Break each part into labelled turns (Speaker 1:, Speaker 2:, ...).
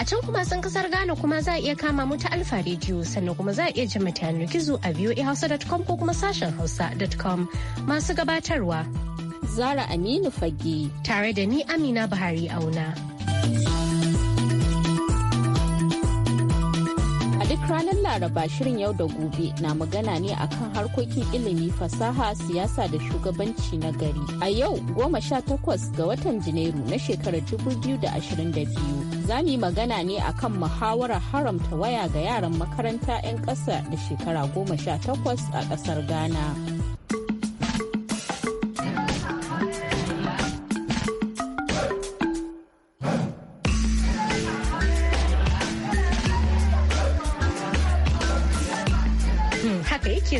Speaker 1: A can kuma sun kasar Ghana kuma za a iya kama mu ta Alfa Radio sannan kuma za a iya ji ta yanar gizo a voahausa.com ko kuma sashen hausa.com masu gabatarwa. Zara Aminu Fage. Tare da ni Amina Buhari Auna. ranar
Speaker 2: laraba shirin yau da gobe na magana ne akan harkokin ilimi fasaha siyasa da shugabanci na gari a yau goma sha takwas ga watan janairu na shekarar dubu biyu da ashirin da biyu za mu yi magana ne akan muhawarar haramta waya ga yaran makaranta 'yan ƙasa da shekara goma sha takwas a ƙasar ghana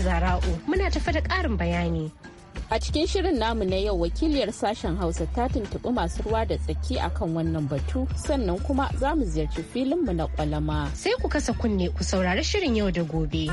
Speaker 1: Zara'u muna tafa da ƙarin bayani.
Speaker 2: A cikin shirin namu na yau wakiliyar sashen Hausa ta tuntuɓi masu ruwa da tsaki akan wannan batu sannan kuma za mu ziyarci mu na ƙwalama. Sai ku kasa kunne ku saurari shirin yau da gobe.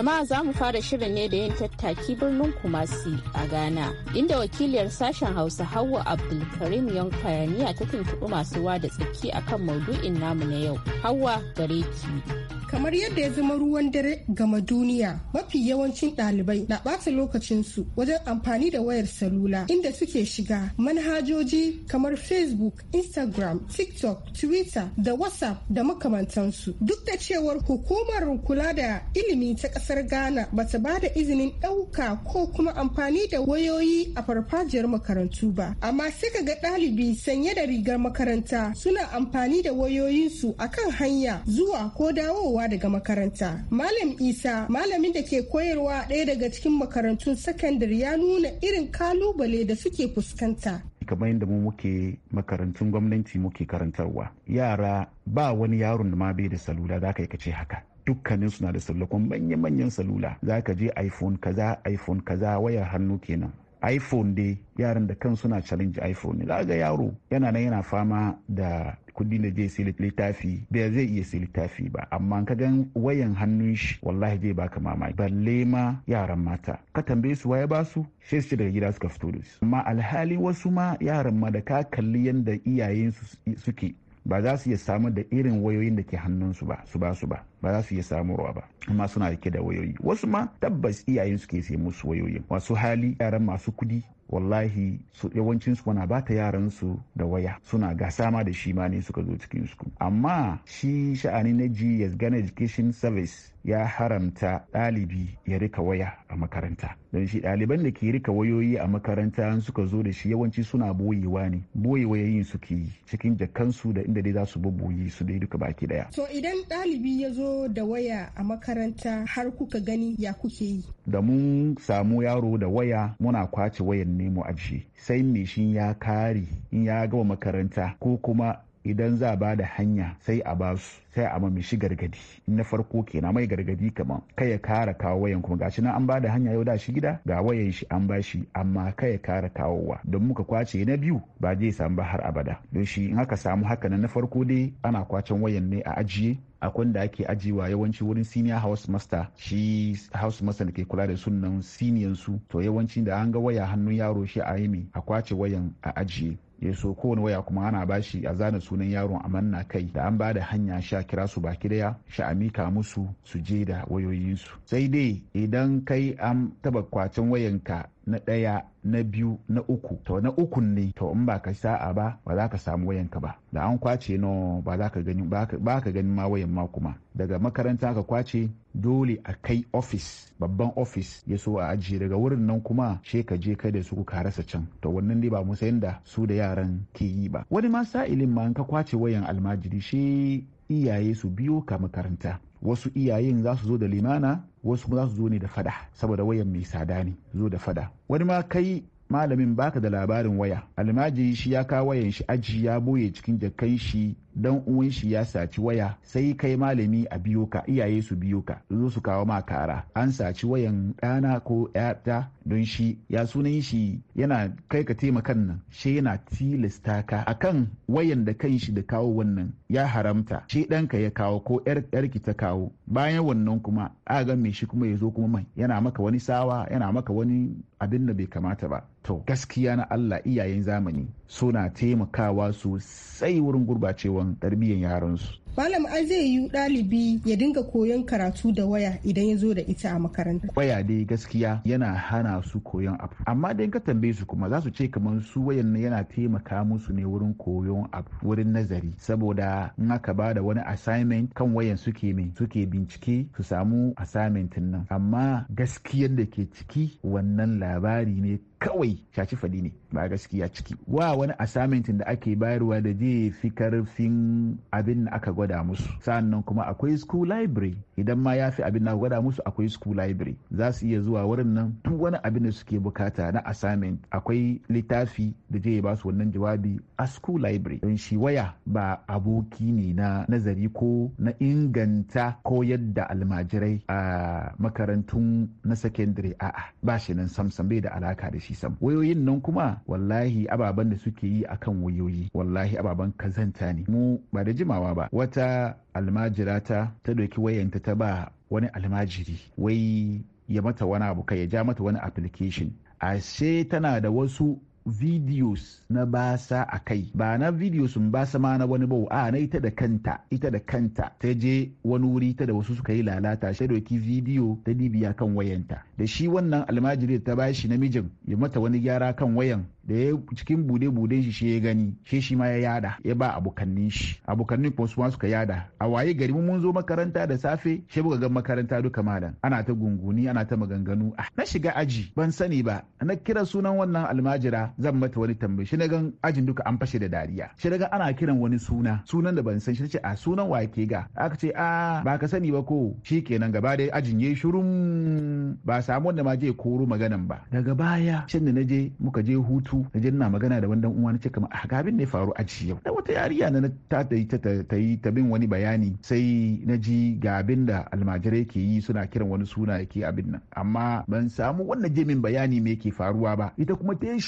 Speaker 2: Jama'a za mu fara shirin ne da yin tattaki birnin Kumasi a Ghana, inda wakiliyar sashen Hausa Hauwa Abdulkarim Yankayaniya ta tuntuɓi masu wada tsaki akan maudu'in namu na yau. hawa gare
Speaker 3: ki.
Speaker 4: kamar yadda ya zama ruwan dare gama duniya mafi yawancin ɗalibai na ɓata lokacinsu wajen amfani da wayar salula inda suke shiga manhajoji kamar facebook instagram tiktok twitter da whatsapp da makamantansu duk da cewar hukumar kula da ilimi ta ƙasar ghana ba ta ba da izinin ɗauka ko kuma amfani da wayoyi a farfajiyar makarantu ba amma sai ka ga ɗalibi sanye da rigar makaranta suna amfani da wayoyinsu akan hanya zuwa ko dawowa dawowa daga makaranta. Malam Isa, malamin da ke koyarwa ɗaya daga cikin makarantun sakandare ya nuna irin kalubale da suke fuskanta.
Speaker 5: kamar yadda mu muke makarantun gwamnati muke karantarwa yara ba wani yaron da ma bai da salula za ka yi kace haka dukkanin suna da kuma manya-manyan salula za ka je iphone kaza iphone kaza wayar hannu kenan iphone dai yaran da kan suna challenge iphone ne ga yaro yana nan yana fama da kudin da zai sai littafi da zai iya sai littafi ba amma ka gan wayan hannun shi wallahi zai baka mamaki balle ma yaran mata ka tambaye su waye ba su sai su daga gida suka fito da su amma alhali wasu ma yaran ma da ka kalli yanda iyayen su suke ba za su iya samu da irin wayoyin da ke hannunsu ba su ba su ba ba za su iya ruwa ba amma suna rike da wayoyi wasu ma tabbas iyayen su ke sai musu wayoyin wasu hali yaran masu kudi wallahi su yawancin su na bata yaran su da waya suna ga sama da shi ma ne suka zo cikin su amma shi sha'ani na GS Ghana Education Service ya haramta ɗalibi ya rika waya a makaranta don shi ɗaliban da ke rika wayoyi a makaranta suka zo da shi yawanci suna boyewa ne boye wayoyin su ke cikin jakansu da inda dai za su buyi su dai duka baki daya
Speaker 4: to idan ɗalibi ya zo da waya a makaranta har kuka gani ya kuke yi
Speaker 5: da mun samu yaro da waya muna kwace wayan nemo aji sai mai shi ya kare in ya gama makaranta ko kuma idan za ba da hanya sai a ba su sai a mamishi shi gargadi na farko kenan mai gargadi kamar. kai ya kara kawo wayan kuma gashi nan an ba da hanya yau da shi gida ga wayan shi an ba shi amma kai ya kara kawowa don muka kwace na biyu ba zai samu ba har abada don shi in aka samu haka na farko dai ana kwacen wayan ne a ajiye akwai da ake ajiyewa yawanci wurin senior house master shi house master da ke kula da sunan senior su to yawanci da an ga waya hannun yaro shi a yi a kwace wayan a ajiye ya so kowane waya kuma ana bashi a zane sunan yaron a manna kai da an bada hanya sha kira su baki daya sha amika musu su je da wayoyinsu sai dai idan kai an taba kwacin wayanka na ɗaya na biyu na uku to na ukun ne to in ba ka sa'a ba ba za ka samu wayanka ba da an kwace no ba za ka gani ba ka gani ma wayan ma kuma daga makaranta ka kwace dole a kai ofis babban ofis ya so a ajiye daga wurin nan kuma she ka je kai da su ka rasa can to wannan ne ba mu da su da yaran ke yi ba wani ma sa'ilin ma in ka kwace wayan almajiri shi iyaye su biyo ka makaranta wasu iyayen za su zo da limana wasu kuma za su zo ne da fada saboda wayan mai tsada ne zo da fada wani ma kai malamin baka da labarin waya almajiri shi ya kawo wayan shi aji ya boye cikin jakan shi dan uwan shi ya saci waya sai kai malami a biyo ka iyaye su biyo ka zo su kawo ma kara an saci wayan ɗana ko ƴata don shi ya sunan shi yana kai ka taimakan nan shi yana tilasta ka akan wayan da kan shi da kawo wannan ya haramta shi ka ya kawo ko yarki ta kawo bayan wannan kuma a ga me shi kuma ya zo kuma mai yana maka wani sawa yana maka wani abin da bai kamata ba to gaskiya na Allah iyayen zamani suna taimakawa sosai wurin gurbacewan tarbiyyar yaransu.
Speaker 4: Malam ai zai yi ɗalibi ya dinga koyon karatu da waya idan ya zo da ita a makaranta.
Speaker 5: Waya dai gaskiya yana hana su koyon abu. Amma dai ka tambaye su kuma za su ce kamar su wayan yana taimaka musu ne wurin koyon abu wurin nazari saboda in aka ba da wani assignment kan wayan suke mai suke bincike su samu assignment nan. Amma gaskiyar da ke ciki wannan labari ne kawai shaci fadi ne ba gaskiya ciki wa wani assignment da ake bayarwa da zai fi karfin abin da aka gwada musu sannan kuma akwai school library idan ma ya fi abin na gwada musu akwai school library za su iya zuwa wurin nan duk wani abin da suke bukata na assignment akwai littafi da je ba su wannan jawabi a school library don shi waya ba aboki ne na nazari ko na inganta koyar da almajirai a makarantun na secondary a ba shi nan samsam bai da alaka da shi sam wayoyin nan kuma wallahi ababen da suke yi akan wayoyi wallahi ababen kazanta ne mu ba da jimawa ba wata almajirata ta doki wayanta ta ba wani almajiri wai ya mata wani abu kai ya ja mata wani application ashe tana da wasu videos na basa a kai ba na videos sun basa ma na wani bau a na ita da kanta ita da kanta ta je wani wuri ta da wasu suka yi lalata shi dauki video ta dibiya kan wayanta da shi wannan almajiri ta bashi namijin ya mata wani gyara kan wayan da ya cikin bude-bude shi shi ya gani shi shi ma ya yada ya ba abokannin shi abokannin kuma su ma suka yada a waye gari mun zo makaranta da safe shi buga gan makaranta duka malam ana ta gunguni ana ta maganganu ah na shiga aji ban sani ba na kira sunan wannan almajira zan mata wani tambayi shi na gan ajin duka an fashe da dariya shi na ana kiran wani suna sunan da ban san shi ce a ah, sunan wa wake ga aka ce a ah, ba ka sani ba ko shi kenan gaba dai ajin yayi shirum ba samu wanda ma je koro maganan ba daga baya shin da je muka je hutu rubutu na je magana da wani dan uwa na ce kamar a ah, ga abin da ya faru a yau da wata yariya na ta ta yi ta yi ta bin wani bayani sai na ji ga abin da almajirai ke yi suna kiran wani suna yake abin nan amma ban samu wannan min bayani me ke faruwa ba ita kuma ta yi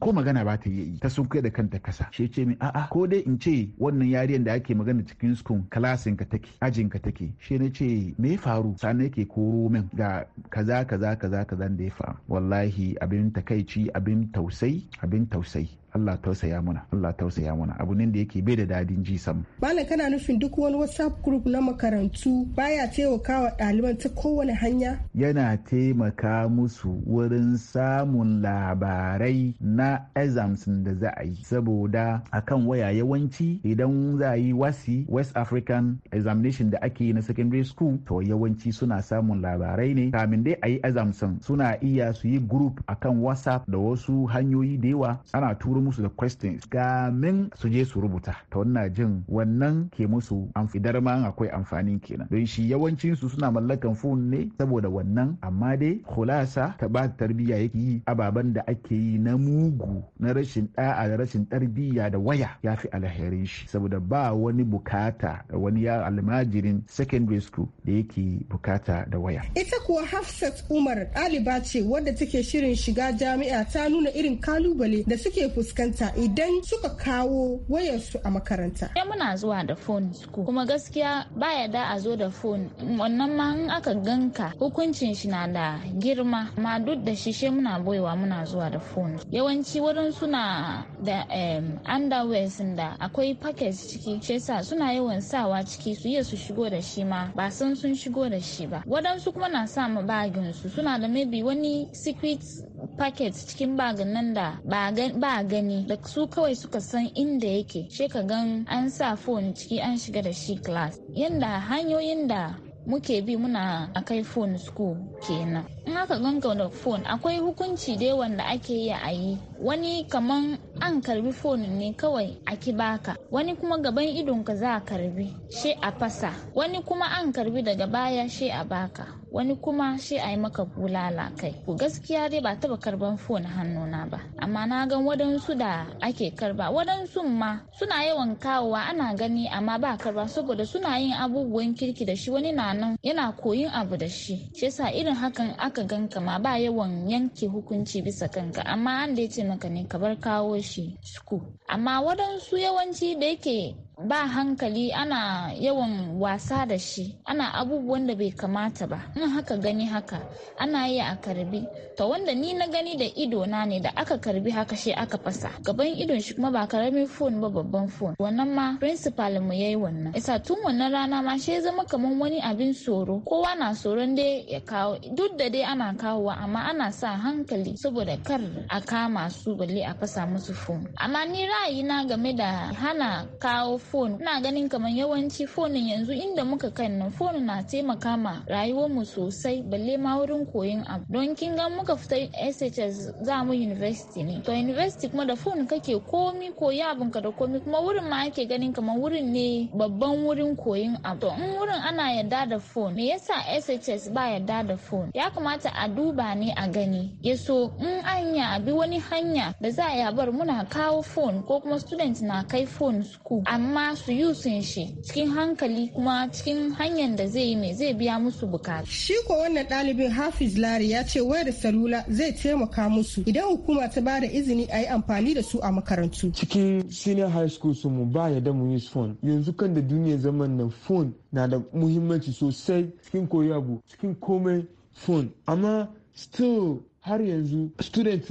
Speaker 5: ko magana ba ta yi ta sun da kanta kasa shi ce min a'a ko dai in ce wannan yariyan da ake magana cikin sukun kalasin ka take ajin ka take shi na ce me ya faru sani yake koro min ga kaza kaza kaza kaza da ya faru wallahi abin takaici abin tausayi abin tausayi Allah tausaya mana Allah tausaya mana abu ne da yake bai da dadin ji sam
Speaker 4: malam kana nufin duk wani WhatsApp group na makarantu baya taimakawa ɗaliban ta kowane hanya
Speaker 5: yana taimaka musu wurin samun labarai na exams da za a yi saboda akan waya yawanci idan za a yi wasi West African examination da ake yi na secondary school to yawanci suna samun labarai ne kamin dai a yi exams suna iya su yi group akan WhatsApp da wasu hanyoyi da yawa ana turo musu da questions gamin su je su rubuta ta wannan jin wannan ke musu idar ma akwai amfanin kenan don shi yawancin su suna mallakan fun ne saboda wannan amma dai hulasa ta ba tarbiyya yake yi ababen da ake yi na mugu na rashin da'a da rashin tarbiyya da waya ya fi alherin shi saboda ba wani bukata da wani ya almajirin secondary school da yake bukata da waya
Speaker 4: ita kuwa hafsat umar ɗaliba ce wadda take shirin shiga jami'a ta nuna irin kalubale da suke fus fuskanta idan suka
Speaker 6: kawo wayarsu a makaranta. Ya muna zuwa da phone school kuma gaskiya baya da a zo da phone wannan ma in aka ganka hukuncin shi na da girma ma duk da shi she muna boyewa muna zuwa da phone. Yawanci wurin suna da um, underwear da akwai packets ciki she sa suna yawan sawa ciki su iya su shigo da shi ma ba san sun shigo da shi ba. Wadansu kuma na sa ma bagin su suna da maybe wani secret packets cikin bagan nan da ba gani da su kawai suka san inda yake shi ka gan an sa phone ciki an shiga da shi class yanda hanyoyin da muke bi muna a kai phone school kenan in aka ganga da phone akwai hukunci dai da ake yi a yi wani kaman an karbi phone ne kawai a baka wani kuma gaban idonka za a karbi she a fasa wani kuma an karbi daga baya she a baka wani kuma shi a yi maka bulala kai ku gaskiya dai ba taba karban fon hannuna ba amma na gan wadansu da ake karba wadansu ma suna yawan kawowa ana gani amma ba karba saboda suna yin abubuwan kirki da shi wani na nan yana koyin abu da shi shi yasa irin hakan aka gan ma ba yawan yanke hukunci bisa kanka amma an da ya ce maka ne ka bar kawo shi suku amma wadansu yawanci da yake ba hankali ana yawan wasa da shi ana abubuwan da bai kamata ba in haka gani haka ana yi a karbi to wanda ni na gani da ido na ne da aka karbi haka shi aka fasa gaban idon shi kuma ba karamin fon ba babban fon wannan ma principal mu yayi wannan isa tun wannan rana ma shi zama kamar wani abin tsoro kowa na tsoron dai ya kawo duk da dai ana kawowa amma ana sa hankali saboda kar a kama su balle a fasa musu fon amma ni ra'ayi na game da hana kawo fon na ganin kamar yawanci fonin yanzu inda muka kan nan fonin na taimaka ma rayuwar mu sosai balle ma wurin koyon abu don kin ga muka fita SHS za mu university ne to university kuma da fon kake komi koyi abin ka da komi kuma wurin ma ake ganin kamar wurin ne babban wurin koyon abu to in wurin ana yarda da fon me yasa SHS ba yarda da fon ya kamata a duba ne a gani ya so in anya bi wani hanya da za a bar muna kawo fon ko kuma student na kai fon school amma kuma su usun shi cikin hankali kuma cikin hanyar da zai yi mai zai biya musu bukatu. Shi ko wannan ɗalibin Hafiz Lari ya ce wayar salula
Speaker 4: zai taimaka musu idan hukuma ta ba da izini a yi amfani da su a makarantu. Cikin senior high school su mu ba ya da mu use phone yanzu kan da duniyar zaman nan phone na da
Speaker 7: muhimmanci sosai cikin koyabu cikin komai phone amma still har yanzu student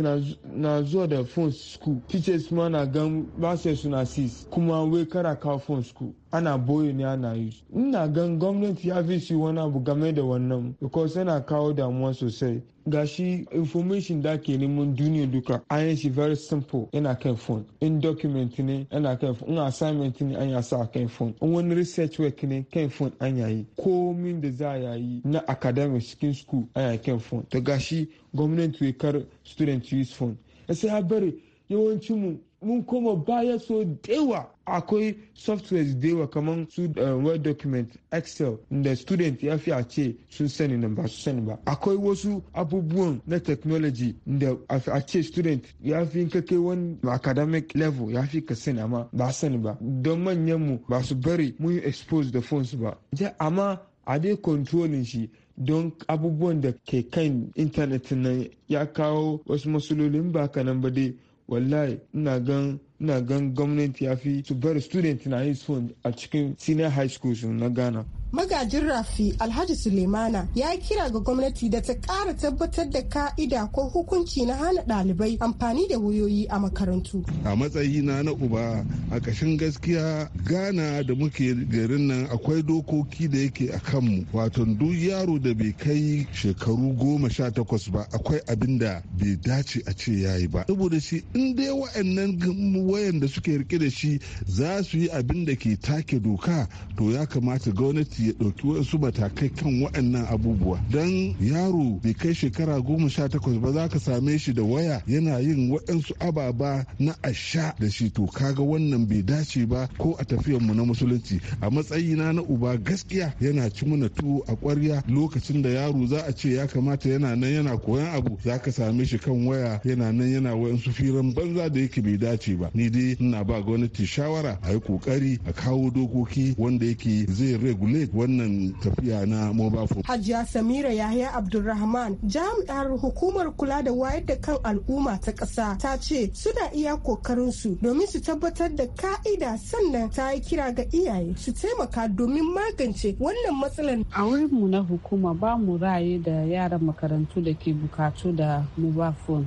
Speaker 7: na zuwa da phone school teachers ma na gan basu su na sis kuma wai kara kawo phone school ana boye ne ana yi ina gan gwamnati ya fi su wani abu game da wannan because yana kawo damuwa sosai gashi information da ke neman duniya duka an shi very simple yana kan phone in document ne yana kan phone in assignment ne an yasa a kan fon. in wani research work ne kan phone an yayi komin da za a yi na academic cikin school an yayi kan phone to gashi gwamnati kar student use fon. sai ya bari yawancin mu mun koma baya so dewa akwai softwares dewa kamar su eh, word document excel da student ya fi a ce sun sani nan ba su sani ba akwai wasu abubuwan na technology da a ce student ya fi kake wani academic level ya fi ka sani amma ba sani ba don manyanmu ba su bari mun yi expose da phones ba amma a dai controlin shi don abubuwan da ke kan intanet nan ya kawo wasu matsalolin ba kanan ba dai wallahi ina gan gan gwamnati ya fi su bar student na yi a cikin senior high school na ghana
Speaker 4: magajin rafi alhaji sulemana ya yi kira ga gwamnati da ta kara tabbatar da ka'ida ko hukunci na hana ɗalibai amfani da wayoyi a makarantu
Speaker 8: a matsayi na na uba a ƙashin gaskiya ghana da muke garin nan akwai dokoki da yake a kanmu wato duk yaro da bai kai shekaru goma sha takwas ba akwai abin da bai dace a ce ya yi ba saboda shi in dai wa'annan wayan da suke rike da shi za su yi abin da ke take doka to ya kamata gwamnati ya ɗauki wasu matakai kan waɗannan abubuwa don yaro bai kai shekara goma sha takwas ba za ka same shi da waya yana yin waɗansu ababa na asha da shi to kaga wannan bai dace ba ko a mu na musulunci a matsayina na uba gaskiya yana ci mana tuwo a ƙwarya lokacin da yaro za a ce ya kamata yana nan yana koyan abu za ka same shi kan waya yana nan yana waɗansu firan banza da yake bai dace ba ni dai ina ba gwamnati shawara a yi ƙoƙari a kawo dokoki wanda yake zai regulate wannan
Speaker 4: tafiya na mobafo. Hajiya Samira Yahya Abdulrahman jami'ar hukumar kula da wayar da kan al'umma ta ƙasa ta ce suna iya kokarin su domin su tabbatar da ka'ida sannan ta yi kira ga iyaye su taimaka domin magance wannan
Speaker 9: matsalar. A wurin mu na hukuma ba mu raye da yaran makarantu da ke bukatu da mobile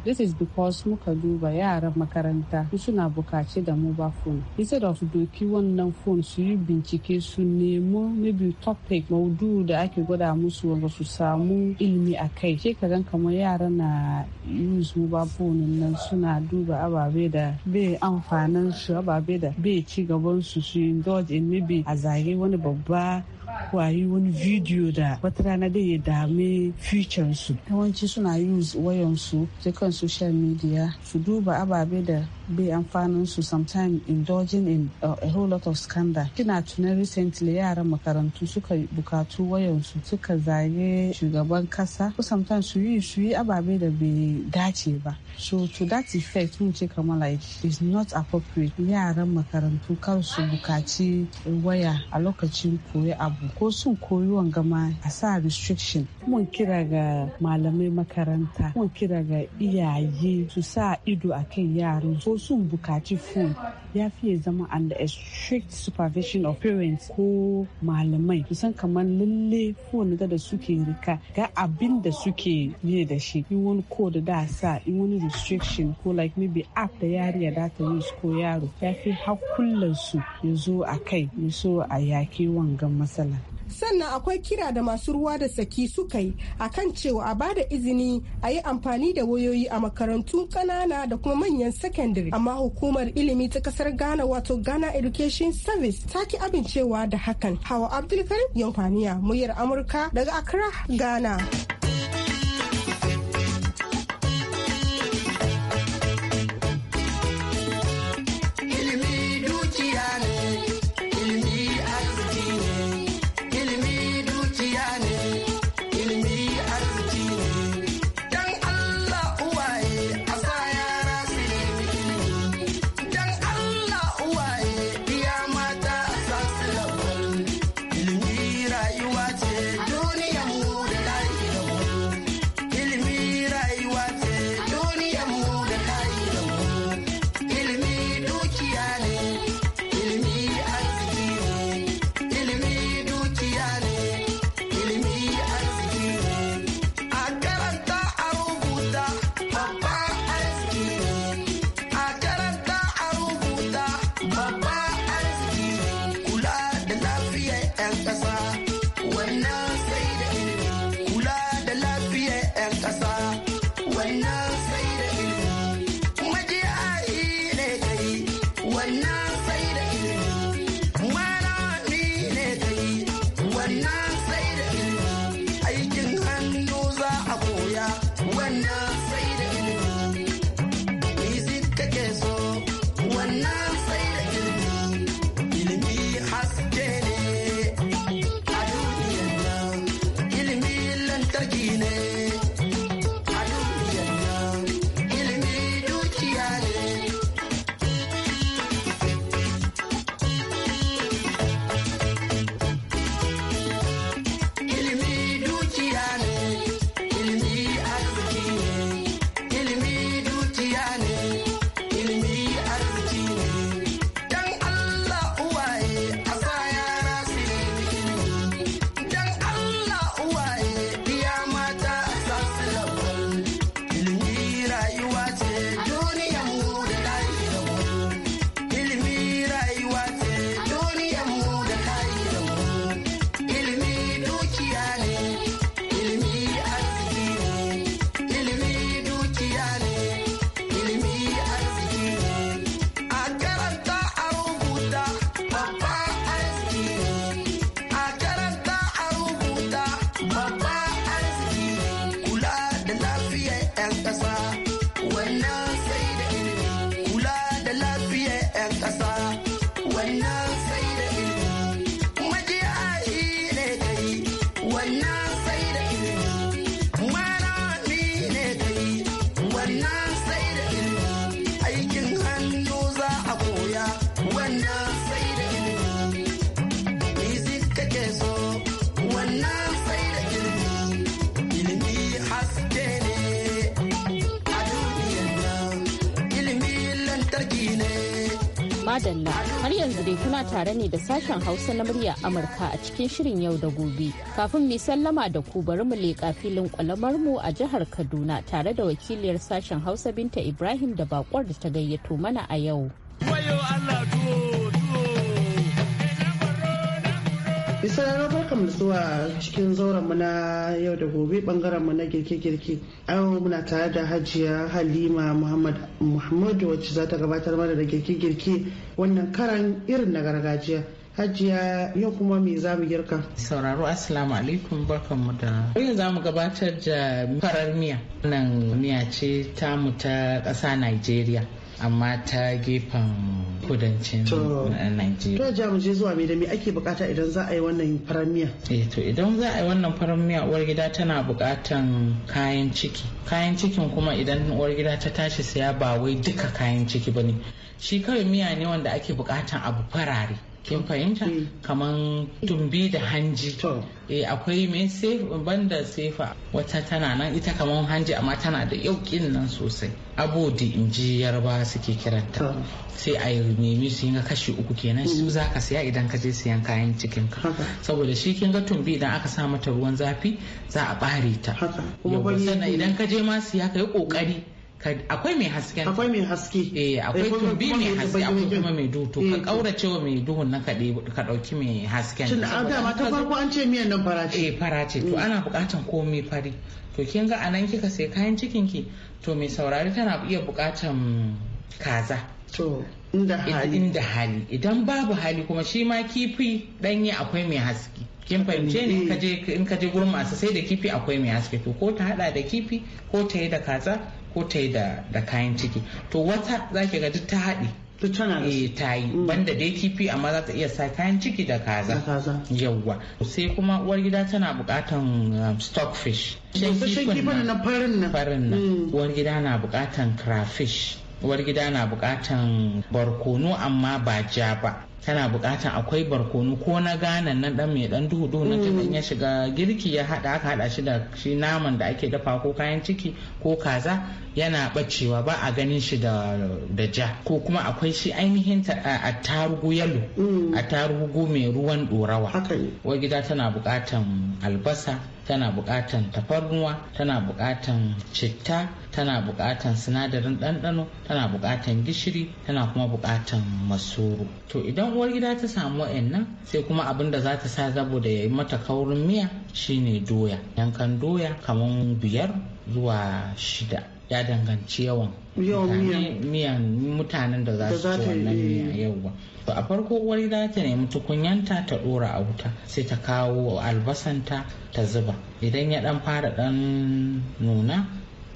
Speaker 9: This is because muka duba yaran makaranta suna bukaci da mobile phone. Instead of doki wannan phone su yi bincike su nemo maybe topic maudu da ake gwada musu wanda su samu ilimi a kai sai ka kamar yara na use mobile nan suna duba ababe da bai amfanin su ababe da bai ci gaban su su indulge in maybe a zage wani babba ko wani video da wata rana da ya dame future su yawanci suna use wayan su ta kan social media su duba ababe da bai amfanin su sometimes indulging in uh, a whole lot of scandal kina tunan recently yaran makarantu suka bukatu wayan su suka zage shugaban kasa ko sometimes su yi su yi ababe da bai dace ba so to that effect mun ce kamar like is not appropriate yaran makarantu kar su bukaci waya a lokacin koyi abu ko sun koyi wanga ma a sa restriction mun kira ga malamai makaranta mun kira ga iyaye su sa ido a kan yaran ko sun bukaci phone ya fiye zama under a strict supervision of parents ko malamai kusan kamar lalle phone da da suke rika ga abin da suke yi da shi in wani code da sa in wani restriction ko like maybe app da yari ya data use ko yaro ya fi hakullansu ya zo a kai ya so a yaki wangan matsala
Speaker 4: sannan akwai kira da masu ruwa da saki suka yi a kan cewa a bada izini a yi amfani da wayoyi a makarantun ƙanana da kuma manyan secondary. amma hukumar ilimi ta kasar ghana wato ghana education service ta ki amincewa da hakan hawa abdulkarim yankwaniya muryar amurka daga accra ghana
Speaker 2: dai kuna tare ne da sashen Hausa na murya Amurka a cikin shirin yau da gobe. Kafin mu sallama da ku bari mu leƙa filin kwalamar mu a jihar Kaduna tare da wakiliyar sashen Hausa Binta Ibrahim da bakwar da ta gayyato mana a yau.
Speaker 3: Allah
Speaker 2: barkan mu zuwa
Speaker 9: cikin zauren mu na yau da gobe bangaren mu na girke-girke. Yau muna tare da Hajiya Halima Muhammad Muhammadu wacce za ta gabatar mana da girke-girke wannan
Speaker 10: karan irin na gargajiya. Hajiya yau kuma me za mu girka? Sauraro Assalamu alaikum barkanmu da. Yau za mu gabatar da farar miya. Nan miya ce tamu ta ƙasa Najeriya. amma ta gefen kudancin Nigeria. To ja zuwa mai da me ake bukata idan za a yi wannan farar miya? Eh to idan za a yi wannan farar miya uwar gida tana bukatan kayan ciki. Kayan cikin kuma idan uwar gida ta tashi saya ba wai duka kayan ciki ba ne Shi kawai miya ne wanda ake bukatan abu farare. kin fahimta eh. kaman tumbi da hanji eh akwai mai sefa banda sefa wata tana nan ita kaman hanji amma tana da yaukin nan sosai abodi in ji yarba suke kiranta sai a yi nemi su yi kashi uku kenan su mm. za ka siya idan ka je siyan kayan cikin ka saboda shi kin ga tumbi idan aka sa mata ruwan zafi za a bare ta sannan idan ka je ma siya ka yi kokari akwai mai hasken. akwai mai haske eh, akwai eh, tumbi mai haske akwai kuma mai duhu ka eh, kaurace wa mai duhun na ka ka dauki mai hasken shin an dama ta farko an ce miyan nan fara ce eh fara ce to ana bukatan komai fari to kin ga anan kika sai kayan cikin ki to mai saurari tana iya bukatan kaza to inda hali inda hali idan babu hali kuma shi ma kifi danye akwai mai haske kin fahimce ne in ka je gurin masu sai da kifi akwai mai haske to ko ta hada da kifi ko ta yi da kaza ko ta yi da kayan ciki to wata za ki ga duk ta haɗi eh ta yi mm. banda dai kifi amma za ta iya sa kayan ciki da kaza yawwa sai kuma uwar gida tana bukatan um, stockfish kifin na farin nan farin nan mm. uwar gida na bukatan crayfish uwar na bukatan barkono amma ba ja ba tana bukatan akwai barkono ko na gana nan dan mai dan duhu duhu na mm. ya shiga girki ya hada aka hada shi da shi naman da ake dafa ko kayan ciki ko kaza yana bacewa ba a ganin shi da ja ko kuma akwai shi ainihin tarugu yalo mm. tarugu mai ruwan dorawa wai gida tana bukatan albasa tana bukatan tafarnuwa tana bukatan citta tana bukatan sinadarin ɗanɗano tana bukatan gishiri tana kuma bukatan masoro to idan uwar gida ta samu wa'annan sai kuma abin da za ta sa zabo da ya yi mata kaurin miya shine doya yankan doya kamar biyar zuwa shida ya danganci yawan miyan mutanen da za su ci wannan eh. miya ba to a farko wani za ta nemi tukunyanta ta dora a wuta sai ta kawo albasanta ta zuba idan ya dan fara dan nuna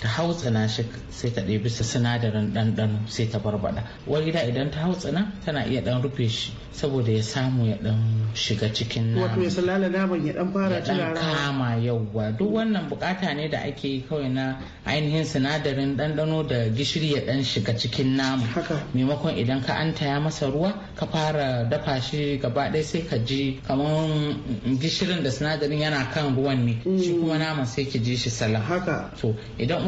Speaker 10: ta hautsina shi sai ta ɗebi sa sinadarin ɗanɗano sai ta barbada wani da idan ta tsana tana iya ɗan rufe shi saboda ya samu ya ɗan shiga cikin nama wato ya
Speaker 9: salala naman ya
Speaker 10: ɗan fara ya kama yauwa duk wannan bukata ne da ake kawai na ainihin sinadarin ɗanɗano da gishiri ya ɗan shiga cikin nama maimakon idan ka an taya masa ruwa ka fara dafa shi gaba ɗaya sai ka ji kamar gishirin da sinadarin yana kan ruwan ne shi mm. kuma nama sai ki ji shi salam haka to idan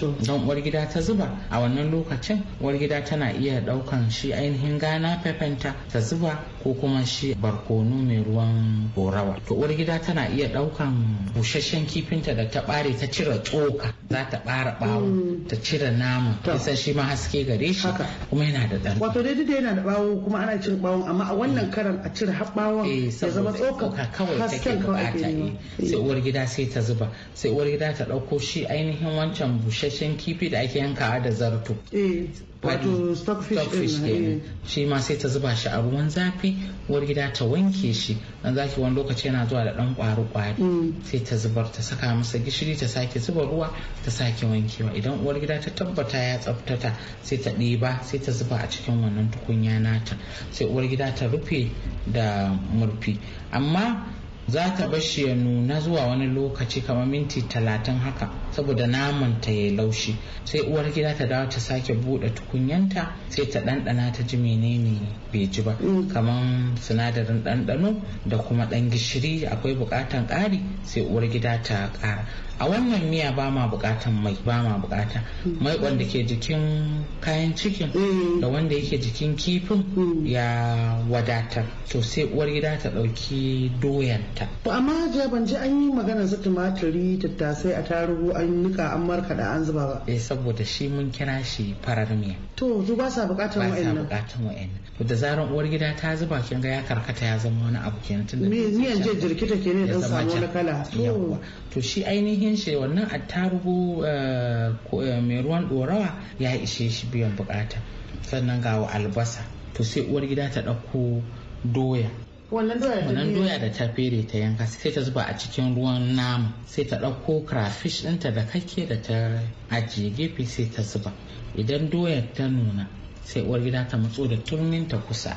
Speaker 10: don uwar gida ta zuba a wannan lokacin uwar gida tana iya daukan shi ainihin gana pepenta ta zuba ko kuma shi barkono mai ruwan gorawa to uwar gida tana iya daukan busasshen kifinta da ta bare ta cire tsoka za ta bara bawo mm. ta cire nama kisa shi ma haske gare shi kuma yana da dan wato dai da yana
Speaker 3: da bawo kuma ana cire bawon amma a wannan mm. karan a cire har bawon eh, ya zama tsoka
Speaker 10: kawai take bukata eh. sai eh. uwar gida sai ta zuba sai uwar gida ta dauko shi ainihin wancan bushe busasshen kifi da ake yankawa da zarto eh, wato stockfish ke eh. shi ma sai ta zuba shi a ruwan zafi uwar gida ta wanke shi dan zaki wani lokaci yana zuwa da dan kwaru kwari mm. sai ta zubar ta saka masa gishiri ta sake zuba ruwa ta sake wankewa idan uwar gida ta tabbata ya tsaftata sai ta ɗiba sai ta zuba a cikin wannan tukunya nata sai uwar gida ta rufe da murfi amma za ta bashi ya nuna zuwa wani lokaci kamar minti talatin haka saboda naman ta ya laushi sai uwar gida ta dawo ta sake bude tukunyanta sai ta ɗanɗana ta ji menene bai ji ba mm. Kaman sinadarin ɗanɗano da kuma ɗan gishiri akwai bukatan ƙari sai uwar gida ta ƙara a wannan miya ba ma buƙatan mai ba ma buƙata mm. mai wanda ke jikin kayan cikin mm. da wanda yake jikin kifin ya wadatar to sai uwar gida ta ɗauki doyanta
Speaker 3: to amma ban ji an yi magana su tumaturi tattasai a tarugu an nika
Speaker 4: an
Speaker 10: markaɗa an zuba ba eh saboda shi mun kira shi farar miya
Speaker 4: to su ba sa buƙatar wa'annan
Speaker 10: ba sa buƙatar wa'annan to da zaran uwar gida ta zuba kin ga ya karkata ya zama wani abu kenan tunda miyan je jirkita kenan dan samu wani
Speaker 3: kala
Speaker 10: to shi ainihin shi wannan attarugu eh, eh, mai ruwan ɗorawa ya ishe shi biyan buƙata sannan ga albasa to sai uwar gida ta ɗauko doya wannan doya da ta fere ta yanka sai ta zuba a cikin ruwan nama sai ta ɗauko crayfish ɗinta da kake da ta ajiye gefe sai ta zuba idan doyar ta nuna sai uwar gida ta matso da turmin ta kusa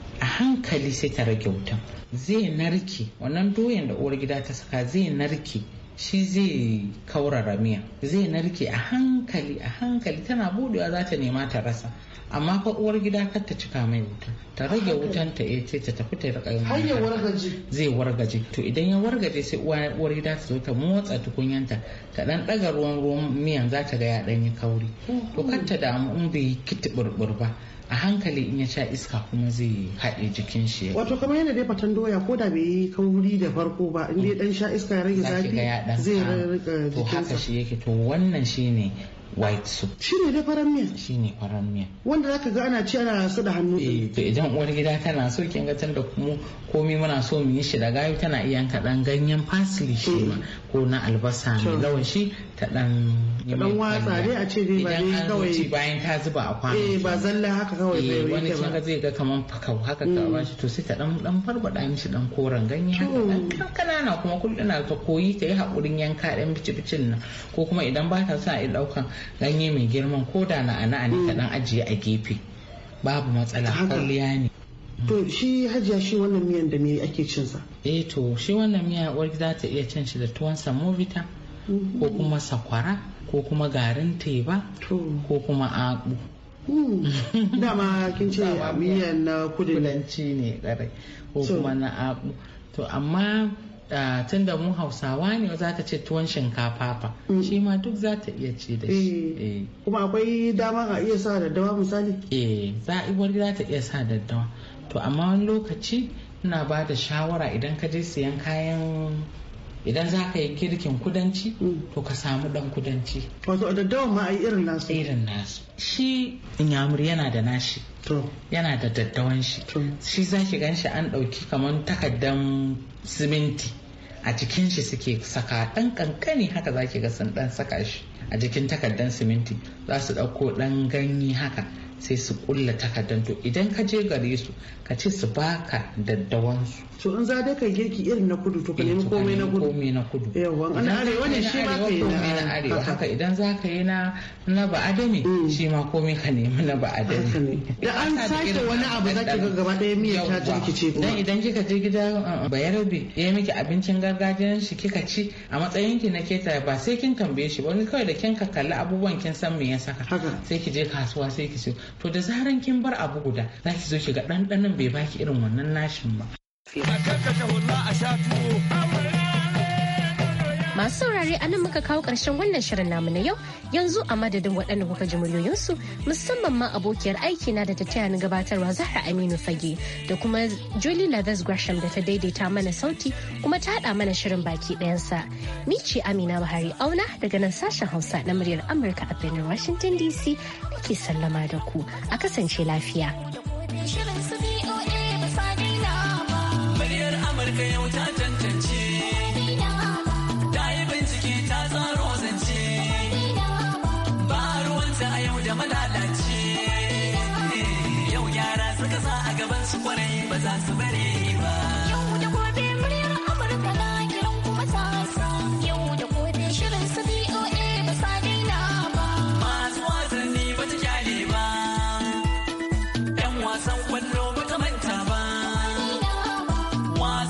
Speaker 10: a hankali sai ta rage wutan zai narke wannan doyan da uwar gida ta saka zai narke shi zai kaurara miya zai narke a hankali a hankali tana budewa za ta nema ta rasa amma fa uwar gida kar ta cika mai wuta ta rage wutan ta eh sai ta tafi ta rika yin zai wargaje to idan ya wargaje sai uwar gida ta zo ta motsa tukunyanta ta dan daga ruwan ruwan miyan za ta ga ya dan yi kauri to kar ta damu in bai yi kitiburbur ba a hankali in ya sha iska kuma zai haɗe jikin shi wato kamar yana dai fatan doya ko da bai yi kauri da farko ba in dai dan sha iska ya rage zafi zai sa to haka shi yake to wannan shine white soup shi ne da faran miya shi ne farar miya wanda zaka ga ana ci ana su da hannu eh to idan uwar gida tana so kin ga tunda kuma komai muna so mu yi shi da gayu tana iya yanka dan ganyen parsley shi ma eh. ko na albasa mai lawan shi kaɗan kaɗan watsa dai a ce dai ba ne kawai bayan ka zuba a kwano eh ba zalla haka kawai eh, bai yi wani kin zai ga kaman fakau haka ka mm. ba shi to sai ta dan dan barbada mishi dan koren ganye haka dan kanana kuma kullum na ta koyi ta yi hakurin yanka dan bici bicin nan ko kuma idan ba ta sa a daukan ganye mai girman ko da na ana ne ka dan mm. ajiye a gefe babu matsala kwalliya ne mm. To shi hajiya shi wannan miyan da me ake cinsa? Eh to shi wannan miya uwar gida ta iya cin shi da tuwon samovita. ko kuma sakwara ko kuma garin teba ko kuma abu hmm. dama kin ce miyan na kudanci ne kare. ko kuma na abu to amma tun da mu hausawa ne za ta ce tuwon shinkafa fa hmm. shi ma duk za ta iya ci da shi eh. Eh. kuma akwai dama a iya sa daddawa misali eh za wani za ta iya sa daddawa to amma wani lokaci ina ba da shawara idan ka je siyan kayan idan za ka yi kirkin kudanci mm. to ka samu dan kudanci wato daddawa ma a irin nasu irin nasu shi inyamuri yana da nashi yana da daddawan shi shi za ki gan shi an ɗauki kamar takaddan siminti a cikin shi suke saka ɗan kankani haka za ki ga sun ɗan saka shi a jikin takardan siminti za su ɗauko ɗan ganye haka sai su kulla takardan to idan ka je gare su ka ce su baka daddawansu to in za da kai girki irin na kudu to ka nemi eh, komai na kudu komai na kudu yawa an arewa ne shi ma yi na arewa haka idan za ka yi na na ba adami mm. shi ma komai ka nemi na ba adami da an sake wani abu za ka ga gaba daya miya ta jirkice kuma dan idan kika je gida uh, uh, bayarabe ya miki abincin gargajiyan shi kika ci a matsayin ki na keta ba sai kin tambaye shi ba wani kawai da kin ka kalli abubuwan kin san me ya saka sai ki je kasuwa sai ki siyo to da zaran kin bar abu guda za ki zo ki ga ɗanɗanon bai baki irin wannan nashin ba. a
Speaker 1: Masu saurare a nan muka kawo ƙarshen wannan shirin namu na yau yanzu a madadin waɗanda kuka ji muryoyinsu musamman ma abokiyar aiki na da ta taya ni gabatarwa Zahra Aminu Fage da kuma Julie Lathers Gresham da ta daidaita mana sauti kuma ta haɗa mana shirin baki ɗayansa. Ni ce Amina Buhari Auna daga nan sashen Hausa na muryar Amurka a birnin Washington DC nake sallama da ku a kasance lafiya.
Speaker 3: Muryar Amurka yau ta